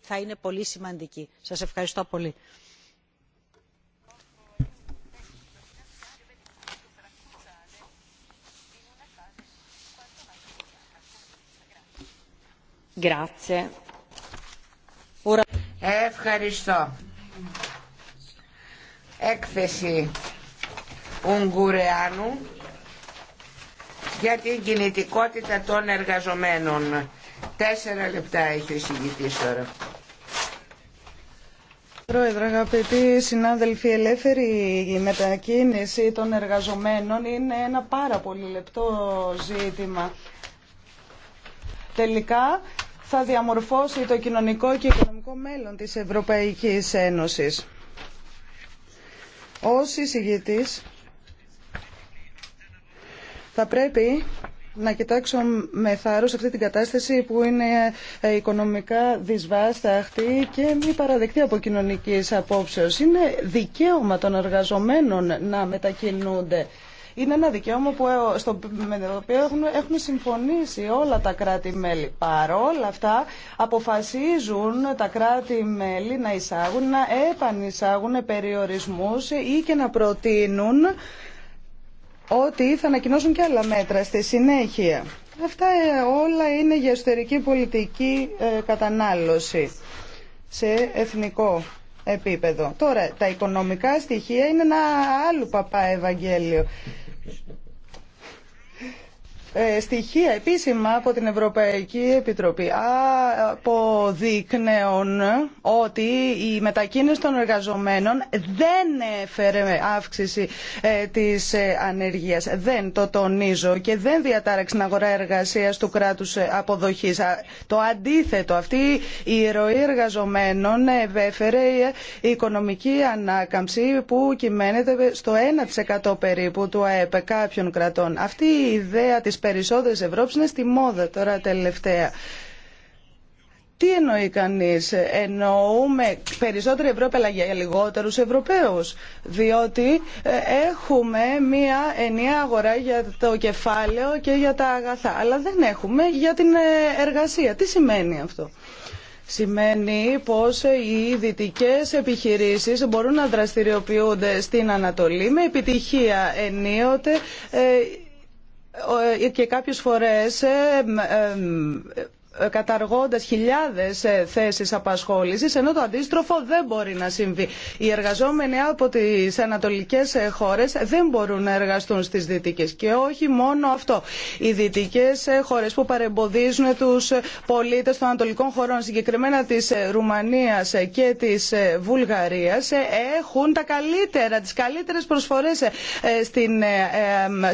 θα είναι πολύ σημαντική. Σας ευχαριστώ πολύ. Ευχαριστώ. Έκθεση Ουγγουρεάνου για την κινητικότητα των εργαζομένων. Τέσσερα λεπτά έχει ο εισηγητής τώρα. Πρόεδρε, αγαπητοί συνάδελφοι, η μετακίνηση των εργαζομένων είναι ένα πάρα πολύ λεπτό ζήτημα. Τελικά θα διαμορφώσει το κοινωνικό και οικονομικό μέλλον της Ευρωπαϊκής Ένωσης. Ως εισηγητής θα πρέπει να κοιτάξω με θάρρο αυτή την κατάσταση που είναι ε, οικονομικά δυσβάσταχτη και μη παραδεκτή από κοινωνική απόψεω. Είναι δικαίωμα των εργαζομένων να μετακινούνται. Είναι ένα δικαίωμα που, ε, στο, με το οποίο έχουν, συμφωνήσει όλα τα κράτη-μέλη. Παρόλα αυτά, αποφασίζουν τα κράτη-μέλη να εισάγουν, να επανεισάγουν περιορισμούς ή και να προτείνουν ότι θα ανακοινώσουν και άλλα μέτρα στη συνέχεια. Αυτά ε, όλα είναι για εσωτερική πολιτική ε, κατανάλωση σε εθνικό επίπεδο. Τώρα, τα οικονομικά στοιχεία είναι ένα άλλο παπά Ευαγγέλιο. Ε, στοιχεία επίσημα από την Ευρωπαϊκή Επιτροπή αποδείκνεων ότι η μετακίνηση των εργαζομένων δεν έφερε αύξηση ε, της ε, ανεργίας. Δεν το τονίζω και δεν διατάραξε την αγορά εργασίας του κράτους αποδοχής. Το αντίθετο, αυτή η ροή εργαζομένων έφερε η οικονομική ανάκαμψη που κυμαίνεται στο 1% περίπου του ΑΕΠ κάποιων κρατών. Αυτή η ιδέα της περισσότερες Ευρώπης είναι στη μόδα τώρα τελευταία. Τι εννοεί κανεί, εννοούμε περισσότερη Ευρώπη αλλά για λιγότερου Ευρωπαίου. Διότι ε, έχουμε μία ενιαία αγορά για το κεφάλαιο και για τα αγαθά. Αλλά δεν έχουμε για την ε, εργασία. Τι σημαίνει αυτό. Σημαίνει πως ε, οι δυτικέ επιχειρήσεις μπορούν να δραστηριοποιούνται στην Ανατολή με επιτυχία ενίοτε ε, ε, και κάποιες φορές ε, ε, Καταργώντα χιλιάδε ε, θέσει απασχόληση, ενώ το αντίστροφο δεν μπορεί να συμβεί. Οι εργαζόμενοι από τι ανατολικές ε, χώρε δεν μπορούν να εργαστούν στι δυτικέ. Και όχι μόνο αυτό. Οι δυτικέ χώρε που παρεμποδίζουν του πολίτε των ανατολικών χωρών, συγκεκριμένα της Ρουμανία και της Βουλγαρίας, έχουν τα καλύτερα, τις καλύτερες προσφορές στην,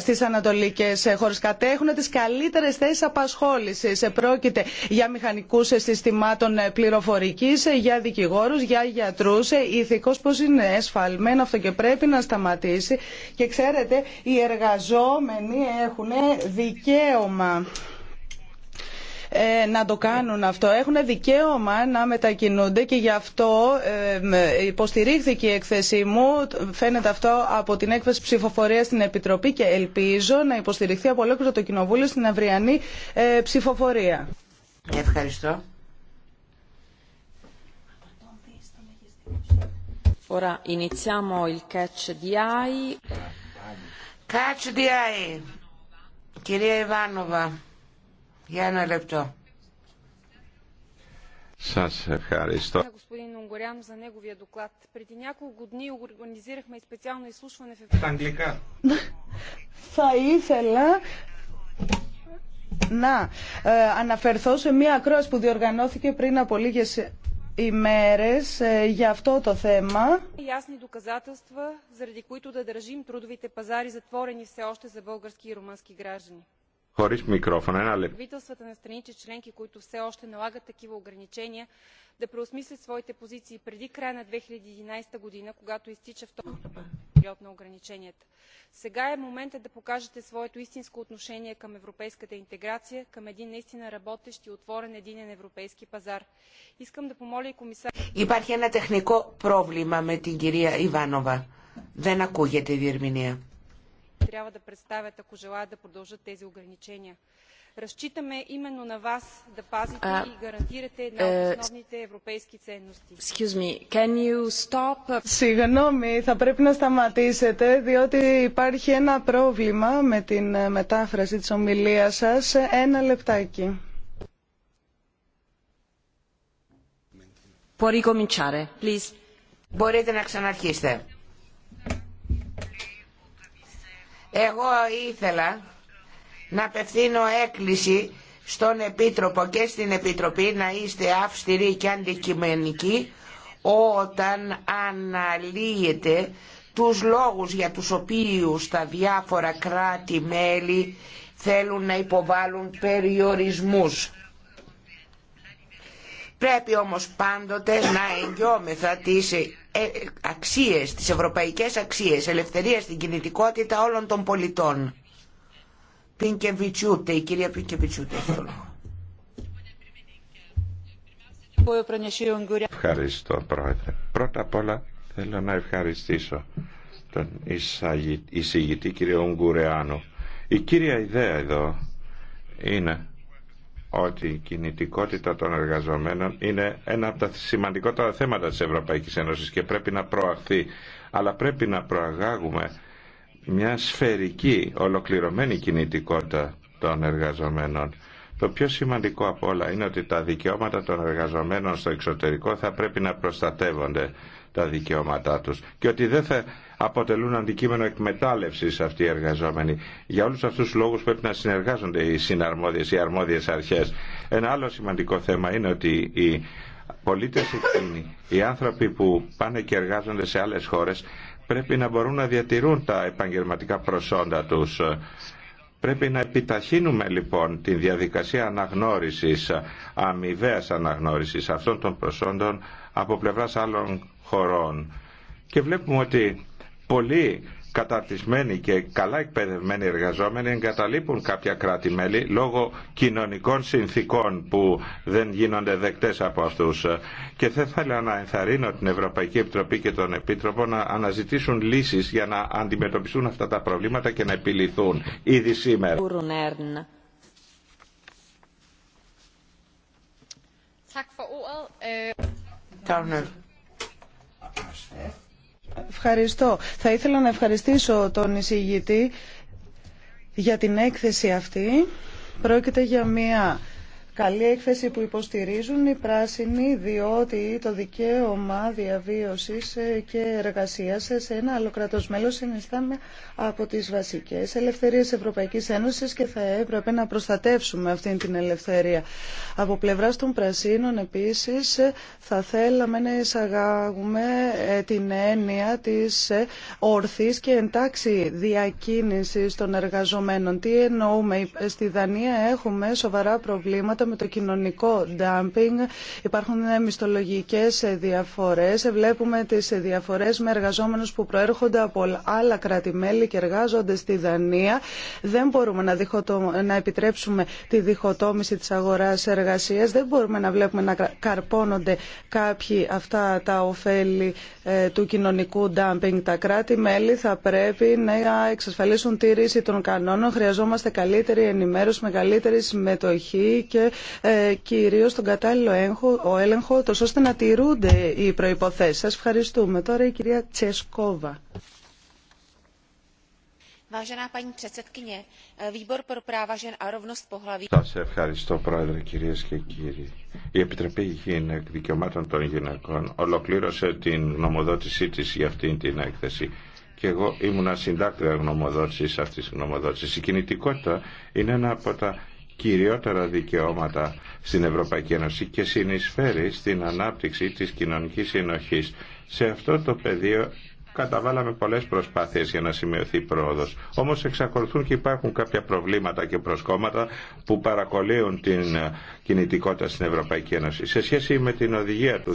στις ανατολικές Κατέχουν τι καλύτερε θέσει απασχόληση. Πρόκειται για μηχανικού συστημάτων πληροφορική, για δικηγόρου, για γιατρού. Ηθικώ πώ είναι εσφαλμένο αυτό και πρέπει να σταματήσει. Και ξέρετε, οι εργαζόμενοι έχουν δικαίωμα ε, να το κάνουν αυτό. Έχουν δικαίωμα να μετακινούνται και γι' αυτό υποστηρίχθηκε η έκθεσή μου. Φαίνεται αυτό από την έκθεση ψηφοφορία στην Επιτροπή και ελπίζω να υποστηριχθεί από ολόκληρο το Κοινοβούλιο στην αυριανή ε, ψηφοφορία. Ευχαριστώ. Ora iniziamo il catch di AI. Catch di AI. Κυρία Ιβάνοβα, για ένα λεπτό. Σας ευχαριστώ. Στα αγγλικά. Θα ήθελα να ε, αναφερθώ σε μία ακρόαση που διοργανώθηκε πριν από λίγε ημέρε ε, για αυτό το θέμα. Ясни доказателства, заради които да държим трудовите пазари затворени все още за български и румънски граждани. Χωρί μικρόφωνο, ένα λεπτό. Правителствата на страните членки, които все още налагат такива ограничения, да преосмислят своите позиции преди края на 2011 година, когато изтича второто период на ограниченията. сега е моментът да покажете своето истинско отношение към европейската интеграция към един наистина работещ и отворен единен европейски пазар. искам да помоля и комисаря. Υπάρχει ένα τεχνικό πρόβλημα Трябва да представят, ако желаят да продължат тези ограничения. Разчитаме именно на вас да пазите и гарантирате една от основните европейски ценности. Συγγνώμη, θα πρέπει να σταματήσετε, διότι υπάρχει ένα πρόβλημα με την ε, μετάφραση της ομιλίας σας. Ένα λεπτάκι. Μπορείτε να ξαναρχίσετε. Εγώ ήθελα να απευθύνω έκκληση στον Επίτροπο και στην Επιτροπή να είστε αυστηροί και αντικειμενικοί όταν αναλύετε τους λόγους για τους οποίους τα διάφορα κράτη-μέλη θέλουν να υποβάλουν περιορισμούς. Πρέπει όμως πάντοτε να εγγυόμεθα τις ε, αξίες, τις ευρωπαϊκές αξίες, ελευθερία στην κινητικότητα όλων των πολιτών η κυρία Πίνκεβιτσούτε Ευχαριστώ πρόεδρε. Πρώτα απ' όλα θέλω να ευχαριστήσω τον εισηγητή κύριο Ουγγουρεάνο. Η κύρια ιδέα εδώ είναι ότι η κινητικότητα των εργαζομένων είναι ένα από τα σημαντικότερα θέματα της Ευρωπαϊκής Ένωσης και πρέπει να προαχθεί. Αλλά πρέπει να προαγάγουμε μια σφαιρική ολοκληρωμένη κινητικότητα των εργαζομένων. Το πιο σημαντικό από όλα είναι ότι τα δικαιώματα των εργαζομένων στο εξωτερικό θα πρέπει να προστατεύονται τα δικαιώματά τους και ότι δεν θα αποτελούν αντικείμενο εκμετάλλευσης αυτοί οι εργαζόμενοι. Για όλους αυτούς τους λόγους πρέπει να συνεργάζονται οι συναρμόδιες, οι αρμόδιες αρχές. Ένα άλλο σημαντικό θέμα είναι ότι οι πολίτες οι άνθρωποι που πάνε και εργάζονται σε άλλες χώρες πρέπει να μπορούν να διατηρούν τα επαγγελματικά προσόντα τους. Πρέπει να επιταχύνουμε λοιπόν τη διαδικασία αναγνώρισης, αμοιβαία αναγνώρισης αυτών των προσόντων από πλευράς άλλων χωρών. Και βλέπουμε ότι πολλοί καταρτισμένοι και καλά εκπαιδευμένοι εργαζόμενοι εγκαταλείπουν κάποια κράτη-μέλη λόγω κοινωνικών συνθήκων που δεν γίνονται δεκτές από αυτούς. Και θα ήθελα να ενθαρρύνω την Ευρωπαϊκή Επιτροπή και τον Επίτροπο να αναζητήσουν λύσεις για να αντιμετωπιστούν αυτά τα προβλήματα και να επιληθούν ήδη σήμερα. Ευχαριστώ. Θα ήθελα να ευχαριστήσω τον εισηγητή για την έκθεση αυτή. Πρόκειται για μια καλή έκθεση που υποστηρίζουν οι πράσινοι διότι το δικαίωμα διαβίωσης ε, και εργασίας σε ένα άλλο κράτος μέλος από τις βασικές ελευθερίες Ευρωπαϊκής Ένωσης και θα έπρεπε να προστατεύσουμε αυτή την ελευθερία. Από πλευράς των πρασίνων επίσης ε, θα θέλαμε να εισαγάγουμε ε, την έννοια της ορθής και εντάξει διακίνησης των εργαζομένων. Τι εννοούμε, στη Δανία έχουμε σοβαρά προβλήματα με το κοινωνικό dumping. Υπάρχουν μισθολογικέ διαφορέ. Βλέπουμε τι διαφορέ με εργαζόμενους που προέρχονται από άλλα κράτη-μέλη και εργάζονται στη Δανία. Δεν μπορούμε να, διχοτο... επιτρέψουμε τη διχοτόμηση τη αγορά εργασία. Δεν μπορούμε να βλέπουμε να καρπώνονται κάποιοι αυτά τα ωφέλη ε, του κοινωνικού dumping. Τα κράτη-μέλη θα πρέπει να εξασφαλίσουν τη ρίση των κανόνων. Χρειαζόμαστε καλύτερη ενημέρωση, μεγαλύτερη συμμετοχή και ε, κυρίως τον κατάλληλο έλεγχο, έλεγχο τόσο ώστε να τηρούνται οι προϋποθέσεις. Σας ευχαριστούμε. Τώρα η κυρία Τσεσκόβα. E, Σα ευχαριστώ πρόεδρε κυρίε και κύριοι. Η Επιτροπή Γυναικ Δικαιωμάτων των Γυναικών ολοκλήρωσε την γνωμοδότησή τη για αυτήν την έκθεση και εγώ ήμουνα συντάκτρια γνωμοδότηση αυτή τη γνωμοδότηση. Η κινητικότητα είναι ένα από τα κυριότερα δικαιώματα στην Ευρωπαϊκή Ένωση και συνεισφέρει στην ανάπτυξη της κοινωνικής συνοχής. Σε αυτό το πεδίο καταβάλαμε πολλές προσπάθειες για να σημειωθεί πρόοδος. Όμως εξακολουθούν και υπάρχουν κάποια προβλήματα και προσκόμματα που παρακολύουν την κινητικότητα στην Ευρωπαϊκή Ένωση. Σε σχέση με την οδηγία του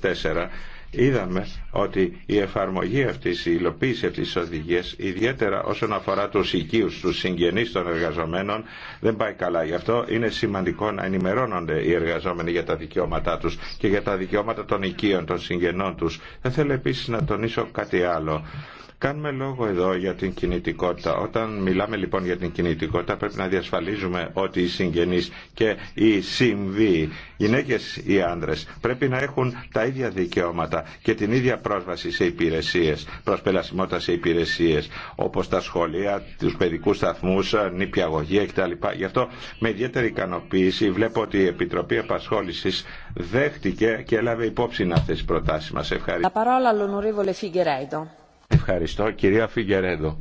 2004 είδαμε ότι η εφαρμογή αυτής, η υλοποίηση αυτής της οδηγίας, ιδιαίτερα όσον αφορά τους οικείους, τους συγγενείς των εργαζομένων, δεν πάει καλά. Γι' αυτό είναι σημαντικό να ενημερώνονται οι εργαζόμενοι για τα δικαιώματά τους και για τα δικαιώματα των οικείων, των συγγενών τους. Θα θέλω επίσης να τονίσω κάτι άλλο. Κάνουμε λόγο εδώ για την κινητικότητα. Όταν μιλάμε λοιπόν για την κινητικότητα πρέπει να διασφαλίζουμε ότι οι συγγενείς και οι συμβοί, γυναίκες ή άνδρες, πρέπει να έχουν τα ίδια δικαιώματα και την ίδια πρόσβαση σε υπηρεσίες, προσπελασιμότητα σε υπηρεσίες όπως τα σχολεία, τους παιδικούς σταθμούς, νηπιαγωγία κτλ. Γι' αυτό με ιδιαίτερη ικανοποίηση βλέπω ότι η Επιτροπή Επασχόλησης δέχτηκε και έλαβε υπόψη να θέσει προτάσεις μας. Ευχαριστώ. Ευχαριστώ κυρία Φιγκερέντο.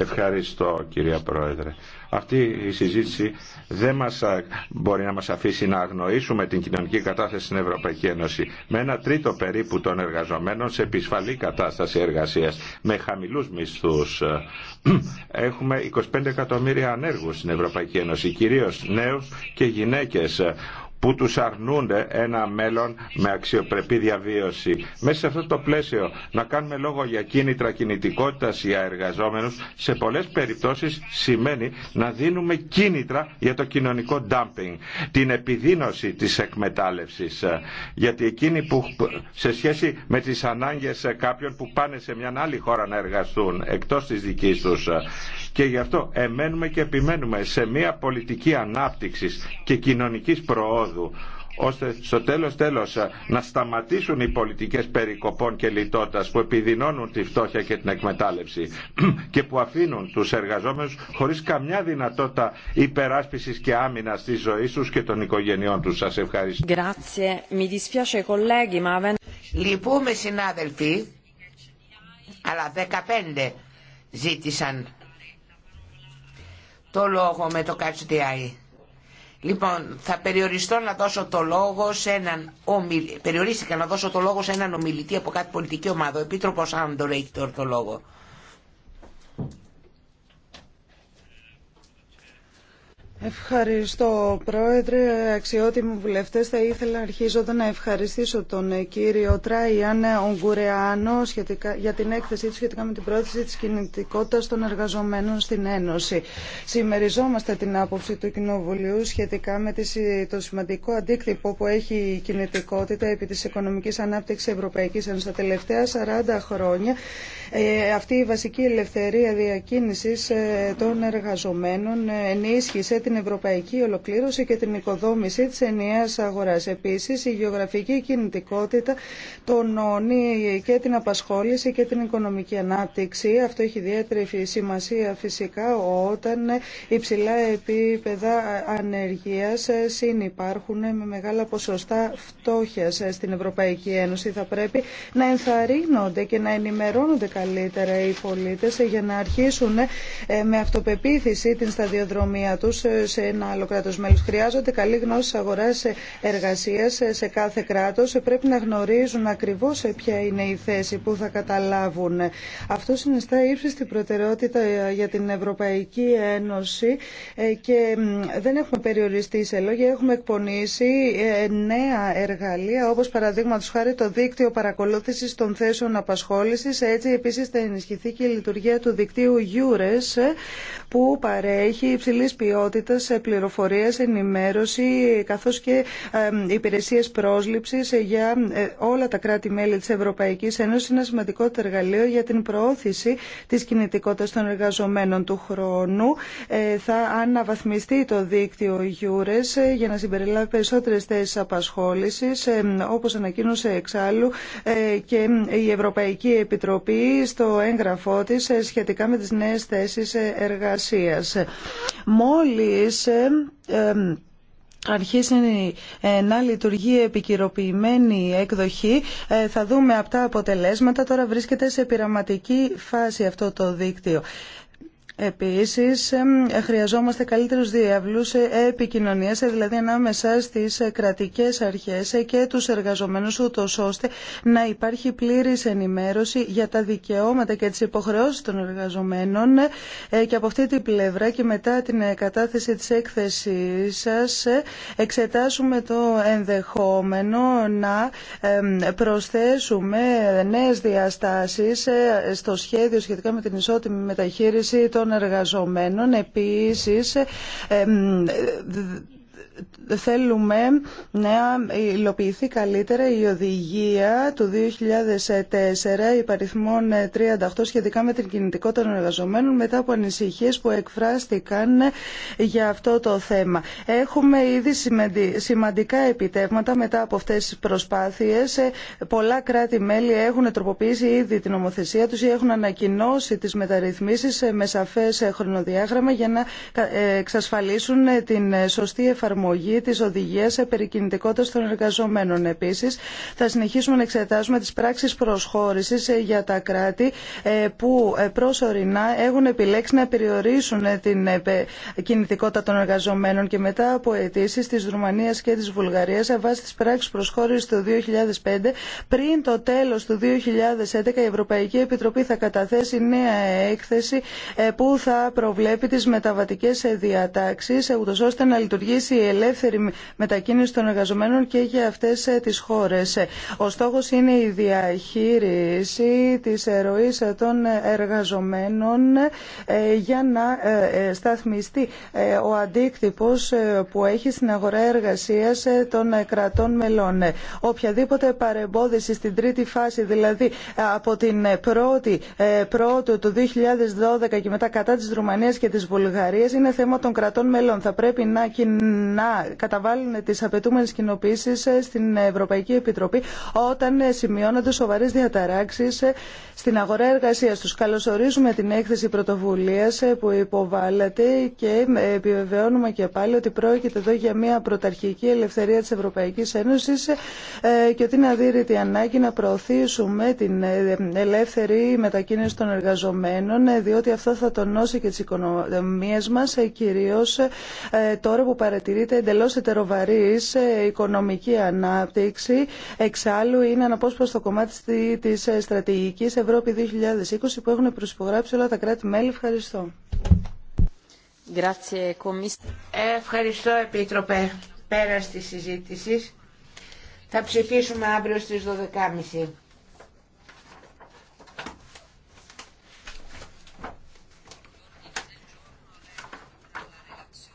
Ευχαριστώ κυρία Πρόεδρε. Αυτή η συζήτηση δεν μας, μπορεί να μας αφήσει να αγνοήσουμε την κοινωνική κατάσταση στην Ευρωπαϊκή Ένωση. Με ένα τρίτο περίπου των εργαζομένων σε επισφαλή κατάσταση εργασίας, με χαμηλούς μισθούς. Έχουμε 25 εκατομμύρια ανέργους στην Ευρωπαϊκή Ένωση, κυρίως νέους και γυναίκες που τους αρνούνται ένα μέλλον με αξιοπρεπή διαβίωση. Μέσα σε αυτό το πλαίσιο να κάνουμε λόγο για κίνητρα κινητικότητας για εργαζόμενους σε πολλές περιπτώσεις σημαίνει να δίνουμε κίνητρα για το κοινωνικό dumping, την επιδίνωση της εκμετάλλευσης. Γιατί εκείνοι που σε σχέση με τις ανάγκες κάποιων που πάνε σε μια άλλη χώρα να εργαστούν εκτός της δικής τους και γι' αυτό εμένουμε και επιμένουμε σε μια πολιτική ανάπτυξης και κοινωνικής προόδου ώστε στο τέλος τέλος να σταματήσουν οι πολιτικές περικοπών και λιτότητας που επιδεινώνουν τη φτώχεια και την εκμετάλλευση και που αφήνουν τους εργαζόμενους χωρίς καμιά δυνατότητα υπεράσπισης και άμυνας της ζωής τους και των οικογενειών τους. Σας ευχαριστώ. Λυπούμε συνάδελφοι, αλλά 15 ζήτησαν το λόγο με το Catch Λοιπόν, θα περιοριστώ να δώσω το λόγο σε έναν ομιλητή. Περιορίστηκα να δώσω το λόγο σε έναν ομιλητή από κάτι πολιτική ομάδα. Ο Επίτροπος Άντορ έχει το λόγο. Ευχαριστώ Πρόεδρε, αξιότιμοι βουλευτές. Θα ήθελα αρχίζοντα να ευχαριστήσω τον κύριο Τράιαν Ογκουρεάνο για την έκθεσή του σχετικά με την πρόθεση της κινητικότητας των εργαζομένων στην Ένωση. Σημεριζόμαστε την άποψη του Κοινοβουλίου σχετικά με το σημαντικό αντίκτυπο που έχει η κινητικότητα επί της οικονομικής ανάπτυξης Ευρωπαϊκής Ένωσης τα τελευταία 40 χρόνια. Ε, αυτή η βασική ελευθερία διακίνησης ε, των εργαζομένων ε, ενίσχυσε την ευρωπαϊκή ολοκλήρωση και την οικοδόμηση της ενιαίας αγοράς. Επίσης, η γεωγραφική κινητικότητα τονώνει και την απασχόληση και την οικονομική ανάπτυξη. Αυτό έχει ιδιαίτερη σημασία φυσικά όταν υψηλά επίπεδα ανεργίας συνυπάρχουν με μεγάλα ποσοστά φτώχεια στην Ευρωπαϊκή Ένωση. Θα πρέπει να ενθαρρύνονται και να ενημερώνονται καλύτερα οι πολίτες για να αρχίσουν ε, με αυτοπεποίθηση την σταδιοδρομία τους ε, σε ένα άλλο κράτο μέλο. Χρειάζονται καλή γνώση αγορά εργασία σε κάθε κράτος. Πρέπει να γνωρίζουν ακριβώ ποια είναι η θέση που θα καταλάβουν. Αυτό συνιστά ύψιστη προτεραιότητα για την Ευρωπαϊκή Ένωση ε, και δεν έχουμε περιοριστεί σε λόγια. Έχουμε εκπονήσει ε, νέα εργαλεία όπω παραδείγματο χάρη το δίκτυο παρακολούθηση των θέσεων απασχόληση. Έτσι επίσης θα ενισχυθεί και η λειτουργία του δικτύου EURES ε, που παρέχει υψηλή ποιότητα σε πληροφορίες, ενημέρωση καθώς και υπηρεσίες πρόσληψης για ε, όλα τα κράτη-μέλη της Ευρωπαϊκής Ένωσης ένα σημαντικό εργαλείο για την προώθηση της κινητικότητας των εργαζομένων του χρόνου. Ε, θα αναβαθμιστεί το δίκτυο Γιούρε για να συμπεριλάβει περισσότερες θέσεις απασχόλησης ε, όπως ανακοίνωσε εξάλλου και η Ευρωπαϊκή Επιτροπή στο έγγραφό της σχετικά με τις νέες θέσεις εργασίας. Επιτροπής ε, ε, αρχίσει ε, να λειτουργεί επικυροποιημένη εκδοχή. Θα δούμε αυτά αποτελέσματα. Τώρα βρίσκεται σε πειραματική φάση αυτό το δίκτυο. Επίσης, χρειαζόμαστε καλύτερους διάβλους ε, επικοινωνίας, ε, δηλαδή ανάμεσα στις ε, κρατικές αρχές και τους εργαζομένους, ούτως ώστε να υπάρχει πλήρης ενημέρωση για τα δικαιώματα και τις υποχρεώσεις των εργαζομένων και από αυτή την πλευρά και μετά την κατάθεση της έκθεσής σας εξετάσουμε το ενδεχόμενο να προσθέσουμε νέες διαστάσεις στο σχέδιο σχετικά με την ισότιμη μεταχείριση των των εργαζομένων. Επίσης, θέλουμε να υλοποιηθεί καλύτερα η οδηγία του 2004 υπαριθμών 38 σχετικά με την κινητικότητα των εργαζομένων μετά από ανησυχίες που εκφράστηκαν για αυτό το θέμα. Έχουμε ήδη σημαντικά επιτεύγματα μετά από αυτές τις προσπάθειες. Πολλά κράτη-μέλη έχουν τροποποιήσει ήδη την ομοθεσία τους ή έχουν ανακοινώσει τις μεταρρυθμίσεις με σαφές χρονοδιάγραμμα για να ε, εξασφαλίσουν την σωστή εφαρμογή εφαρμογή οδηγία σε περικινητικότητας των εργαζομένων. Επίση, θα συνεχίσουμε να εξετάζουμε τι πράξει προσχώρηση ε, για τα κράτη ε, που ε, προσωρινά έχουν επιλέξει να περιορίσουν την κινητικότητα των εργαζομένων και μετά από αιτήσει τη Ρουμανία και τη σε βάσει τη πράξη προσχώρηση του 2005 πριν το τέλο του 2011 η Ευρωπαϊκή Επιτροπή θα καταθέσει νέα έκθεση που θα προβλέπει τι μεταβατικέ διατάξει ούτω ώστε να λειτουργήσει η ελεύθερη μετακίνηση των εργαζομένων και για αυτές ε, τις χώρες. Ε, ο στόχος είναι η διαχείριση της ροής ε, των εργαζομένων για να σταθμιστεί ο αντίκτυπος που έχει στην αγορά εργασίας των κρατών μελών. Οποιαδήποτε παρεμπόδιση στην τρίτη φάση, δηλαδή από την πρώτη πρώτου του 2012 και μετά κατά της Ρουμανίας και της Βουλγαρίας είναι θέμα των κρατών μελών. Θα πρέπει να καταβάλουν τι απαιτούμενε κοινοποιήσει ε, στην Ευρωπαϊκή Επιτροπή όταν ε, σημειώνονται σοβαρέ διαταράξει ε, στην αγορά εργασία. Του. Καλωσορίζουμε την έκθεση πρωτοβουλία που υποβάλλατε και επιβεβαιώνουμε και πάλι ότι πρόκειται εδώ για μια πρωταρχική ελευθερία τη Ευρωπαϊκή Ένωση και ότι είναι αδύρυτη ανάγκη να προωθήσουμε την ελεύθερη μετακίνηση των εργαζομένων διότι αυτό θα τονώσει και τι οικονομίε μα κυρίω τώρα που παρατηρείται θεωρείται εντελώ ετεροβαρή σε οικονομική ανάπτυξη. Εξάλλου είναι αναπόσπαστο κομμάτι της ε, Στρατηγική Ευρώπη 2020 που έχουν προσυπογράψει όλα τα κράτη-μέλη. Ευχαριστώ. Ε, ευχαριστώ Επίτροπε. Πέρα στη συζήτηση. Θα ψηφίσουμε αύριο στις 12.30.